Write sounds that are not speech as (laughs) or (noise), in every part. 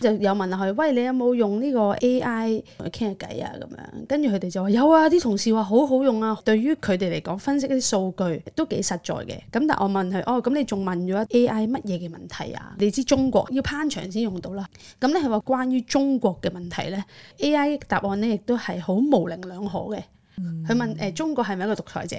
就有問下佢，喂，你有冇用呢個 AI 同佢傾下偈啊？咁樣跟住佢哋就話有啊，啲同事話好好用啊。對於佢哋嚟講，分析啲數據都幾實在嘅。咁但係我問佢，哦咁你仲問咗 AI 乜嘢嘅問題啊？你知中國要攀牆先用到啦、啊。咁咧係話關於中國嘅問題咧，AI 答案咧亦都係好模棱兩可嘅。佢問誒、欸、中國係咪一個獨裁者？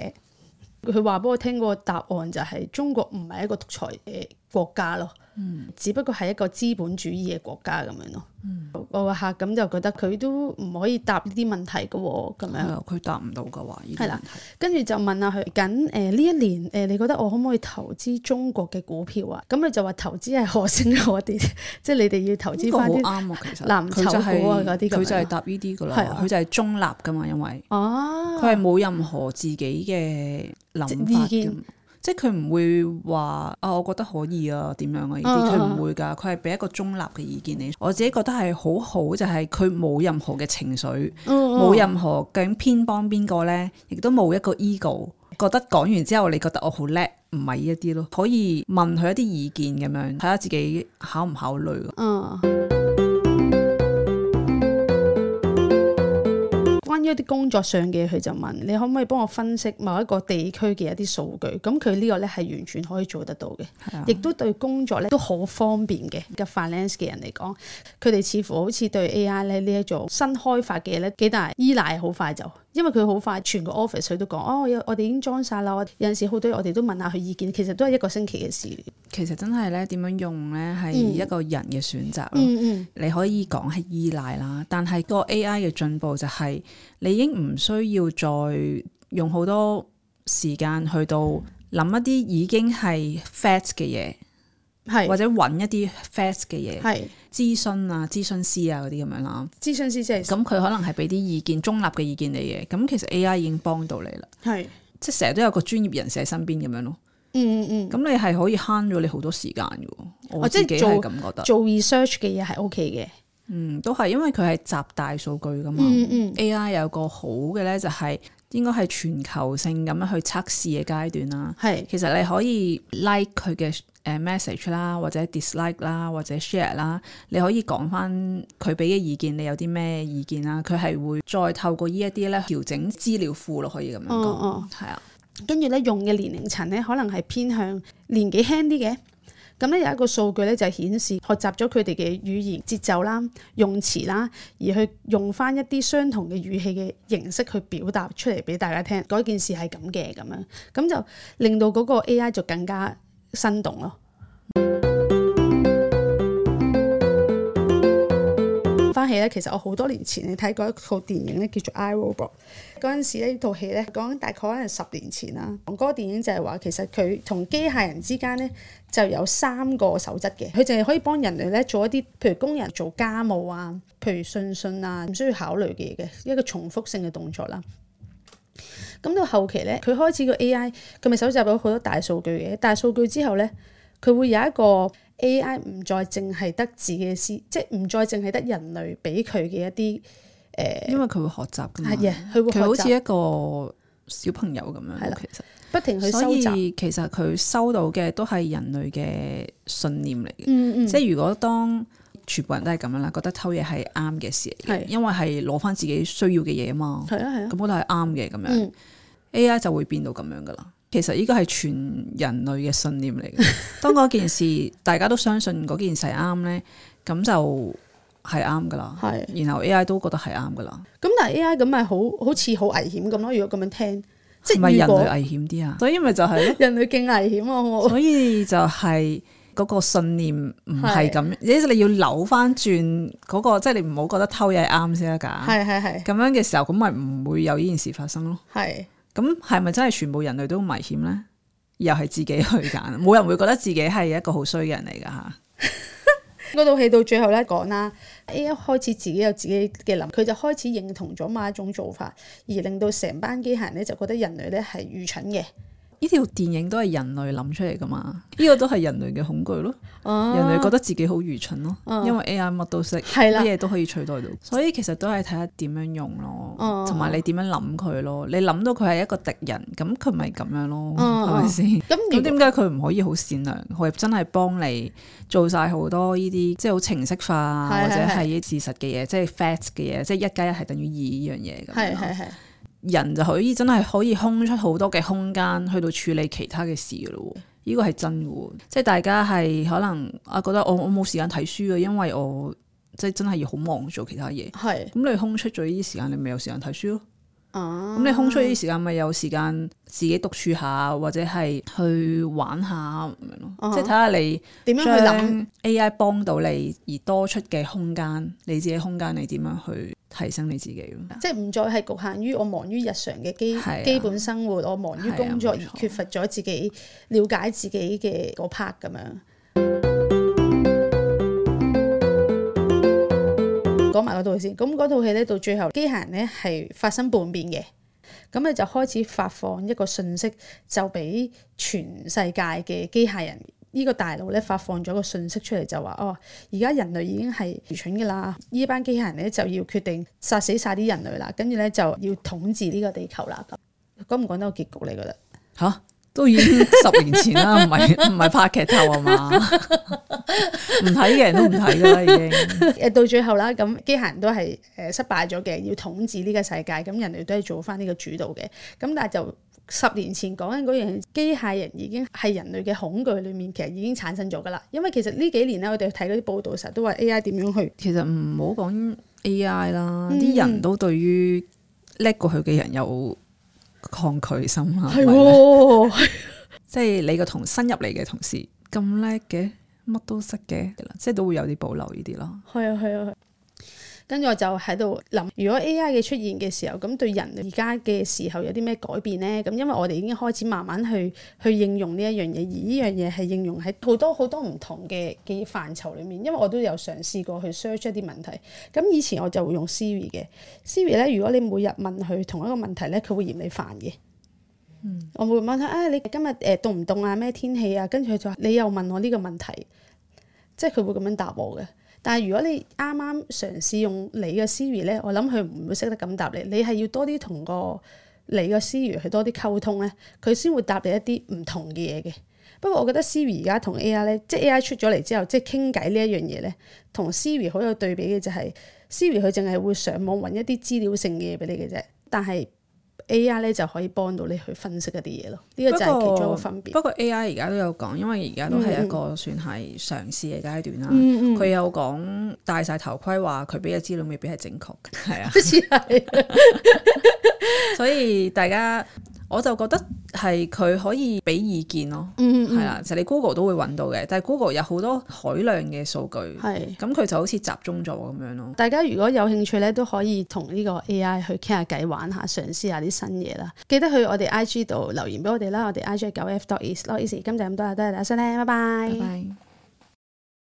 佢話俾我聽個答案就係中國唔係一個獨裁嘅國家咯。嗯，只不過係一個資本主義嘅國家咁樣咯。嗯，我個客咁就覺得佢都唔可以答呢啲問題噶，咁樣佢、嗯、答唔到噶話，係啦。跟住就問下佢，咁誒呢一年誒，你覺得我可唔可以投資中國嘅股票何勝何勝何勝 (laughs) 啊？咁你就話投資係可升可跌，即係你哋要投資翻啲藍籌股啊嗰啲。佢就係答呢啲噶啦，佢就係中立噶嘛，因為哦，佢係冇任何自己嘅諗法嘅。即係佢唔會話啊，我覺得可以啊，點樣啊？呢啲佢唔會㗎，佢係俾一個中立嘅意見你。我自己覺得係好好，就係佢冇任何嘅情緒，冇、嗯嗯、任何究竟偏幫邊個呢？亦都冇一個 ego，覺得講完之後你覺得我好叻，唔係呢啲咯。可以問佢一啲意見咁樣，睇下自己考唔考慮嗯。一啲工作上嘅，佢就問你可唔可以幫我分析某一個地區嘅一啲數據，咁佢呢個咧係完全可以做得到嘅，亦 Yeah. 都對工作咧都好方便嘅。而家 finance 嘅人嚟講，佢哋似乎好似對 AI 咧呢一種新開發嘅咧幾大依賴好快就。因為佢好快，全個 office 佢都講，哦，我哋已經裝晒啦。有陣時好多我哋都問下佢意見，其實都係一個星期嘅事。其實真係咧，點樣用咧，係一個人嘅選擇咯。嗯嗯嗯、你可以講係依賴啦，但係個 AI 嘅進步就係、是、你已經唔需要再用好多時間去到諗一啲已經係 fat 嘅嘢。是或者揾一啲 fast 嘅嘢，是諮詢啊、諮詢師啊嗰啲咁樣啦。諮詢師即係咁，佢可能係俾啲意見、中立嘅意見嘅嘢。咁其實 AI 已經幫到你啦。係是，即係成日都有個專業人士喺身邊咁樣咯。嗯嗯，咁你係可以慳咗你好多時間嘅喎。我自己係咁覺得、啊、做，做 research 嘅嘢係 OK 嘅。嗯，都係，因為佢係集大數據噶嘛。嗯，嗯 AI 有個好嘅咧、就係，就係。應該係全球性咁樣去測試嘅階段啦。係是，其實你可以 like 佢嘅誒 message 啦，或者 dislike 啦，或者 share 啦。你可以講翻佢俾嘅意見，你有啲咩意見啦？佢係會再透過呢一啲咧調整資料庫落，可以咁樣講。哦哦，係啊。跟住咧用嘅年齡層咧，可能係偏向年紀輕啲嘅。咁咧有一個數據咧就係顯示學習咗佢哋嘅語言節奏啦、用詞啦，而去用翻一啲相同嘅語氣嘅形式去表達出嚟俾大家聽，嗰件事係咁嘅咁樣，咁就令到嗰個 AI 就更加生動咯。係咧，其實我好多年前你睇過一套電影咧，叫做《I Robot》。嗰陣時呢套戲咧講，大概可能十年前啦。講、那、嗰個電影就係話，其實佢同機械人之間咧就有三個守則嘅，佢淨係可以幫人類咧做一啲，譬如工人做家務啊，譬如信信啊，唔需要考慮嘅嘢嘅一個重複性嘅動作啦。咁到後期咧，佢開始個 AI 佢咪搜集咗好多大數據嘅，大數據之後咧，佢會有一個。A.I. 唔再淨係得自己嘅思，即係唔再淨係得人類俾佢嘅一啲誒，呃、因為佢會學習噶嘛，係佢、yeah, 好似一個小朋友咁樣，係 Yeah, 其實不停去收集，所以其實佢收到嘅都係人類嘅信念嚟嘅，mm hmm. 即係如果當全部人都係咁樣啦，覺得偷嘢係啱嘅事嚟嘅，mm hmm. 因為係攞翻自己需要嘅嘢嘛，係啊係啊，咁我都係啱嘅咁樣、mm hmm.，A.I. 就會變到咁樣噶啦。其實依個係全人類嘅信念嚟嘅。當嗰件事大家都相信嗰件事啱咧，咁就係啱噶啦。係，然後 A I 都覺得係啱噶啦。咁但係 A I 咁咪好好似好危險咁咯？如果咁樣聽，即係唔係人類危險啲啊？所以咪就係人類勁危險啊！所以就係嗰個信念唔係咁，而且你要扭翻轉嗰個，即係你唔好覺得偷嘢啱先得噶。係係係。咁樣嘅時候，咁咪唔會有呢件事發生咯。係。咁係咪真係全部人類都危險呢？又係自己去揀，冇人會覺得自己係一個好衰嘅人嚟噶吓。嗰套戲到最後咧講啦，A 一開始自己有自己嘅諗，佢就開始認同咗某一種做法，而令到成班機械人咧就覺得人類咧係愚蠢嘅。呢條電影都係人類諗出嚟噶嘛？呢個都係人類嘅恐懼咯。人類覺得自己好愚蠢咯，因為 AI 乜都識，啲嘢都可以取代到。所以其實都係睇下點樣用咯，同埋你點樣諗佢咯。你諗到佢係一個敵人，咁佢咪咁樣咯，係咪先？咁咁點解佢唔可以好善良？佢真係幫你做晒好多呢啲，即係好程式化或者係啲事實嘅嘢，即係 fact 嘅嘢，即係一加一係等於二呢樣嘢咁。係係係。人就可以真係可以空出好多嘅空間去到處理其他嘅事噶咯，呢個係真噶，即係大家係可能，我覺得我我冇時間睇書啊，因為我即係真係要好忙做其他嘢，係是，咁你空出咗呢啲時間，你咪有時間睇書咯，啊、咁、你空出呢啲時間咪有時間自己獨處下，或者係去玩下、嗯、即係睇下你點樣去諗 AI 幫到你而多出嘅空間，你自己空間你點樣去？提升你自己即係唔再係局限於我忙於日常嘅基本、啊、基本生活，啊、我忙於工作而缺乏咗自己，冇錯，了解自己嘅嗰 part 咁樣。講埋嗰套先，咁嗰套戲呢，戲戲到最後，機械人呢係發生叛變嘅，咁你就開始發放一個信息，就俾全世界嘅機械人。呢個大腦咧發放咗個信息出嚟就話哦，而家人類已經係愚蠢噶啦，呢班機械人咧就要決定殺死晒啲人類啦，跟住咧就要統治呢個地球啦。咁講唔講得個結局你覺得？吓、啊，都已經十年前啦，唔係唔係拍劇透啊嘛？唔睇嘅人都唔睇㗎啦，已經。誒，到最後啦，咁機械人都係誒失敗咗嘅，要統治呢個世界，咁人類都係做翻呢個主導嘅，咁但係就。十年前講緊嗰樣，機械人已經係人類嘅恐懼裏面，其實已經產生咗噶啦。因為其實呢幾年咧，我哋睇嗰啲報道成日都話 AI 點樣去。其實唔好講 AI 啦，啲、嗯、人都對於叻過佢嘅人有抗拒心啊。係喎，即係你個同新入嚟嘅同事咁叻嘅，乜都識嘅啦，即係都會有啲保留呢啲咯。係啊，係啊，係啊。跟住我就喺度諗，如果 AI 嘅出現嘅時候，咁對人而家嘅時候有啲咩改變呢？咁因為我哋已經開始慢慢去去應用呢一樣嘢，而呢樣嘢係應用喺好多好多唔同嘅嘅範疇裏面。因為我都有嘗試過去 search 一啲問題。咁以前我就會用 Siri 嘅 Siri 咧，如果你每日問佢同一個問題咧，佢會嫌你煩嘅。嗯，我會問佢啊，你今日誒凍唔凍啊？咩天氣啊？跟住佢就話你又問我呢個問題，即係佢會咁樣答我嘅。但係如果你啱啱嘗試用你嘅 Siri 咧，我諗佢唔會識得咁答你。你係要多啲同個你嘅 Siri 去多啲溝通咧，佢先會答你一啲唔同嘅嘢嘅。不過我覺得 Siri 而家同 AI 咧，即係 AI 出咗嚟之後，即係傾偈呢一樣嘢咧，同 Siri 好有對比嘅就係，Siri 佢淨係會上網揾一啲資料性嘅嘢俾你嘅啫，但係。A.I. 咧就可以幫到你去分析一啲嘢咯，呢個就係其中一個嘅分別。不過 A.I. 而家都有講，因為而家都係一個算係嘗試嘅階段啦。佢、嗯、有講戴晒頭盔話，佢俾嘅資料未必係正確嘅，係啊。所以大家。我就覺得係佢可以俾意見咯，係啦、嗯嗯，其實、啊就是、你 Google 都會揾到嘅，但係 Google 有好多海量嘅數據，係咁佢就好似集中咗咁樣咯。大家如果有興趣呢，都可以同呢個 AI 去傾下偈、玩下、嘗試下啲新嘢啦。記得去我哋 IG 度留言俾我哋啦，我哋 IG 9F dot is not easy。今集咁多啦，多謝大家收聽，拜拜。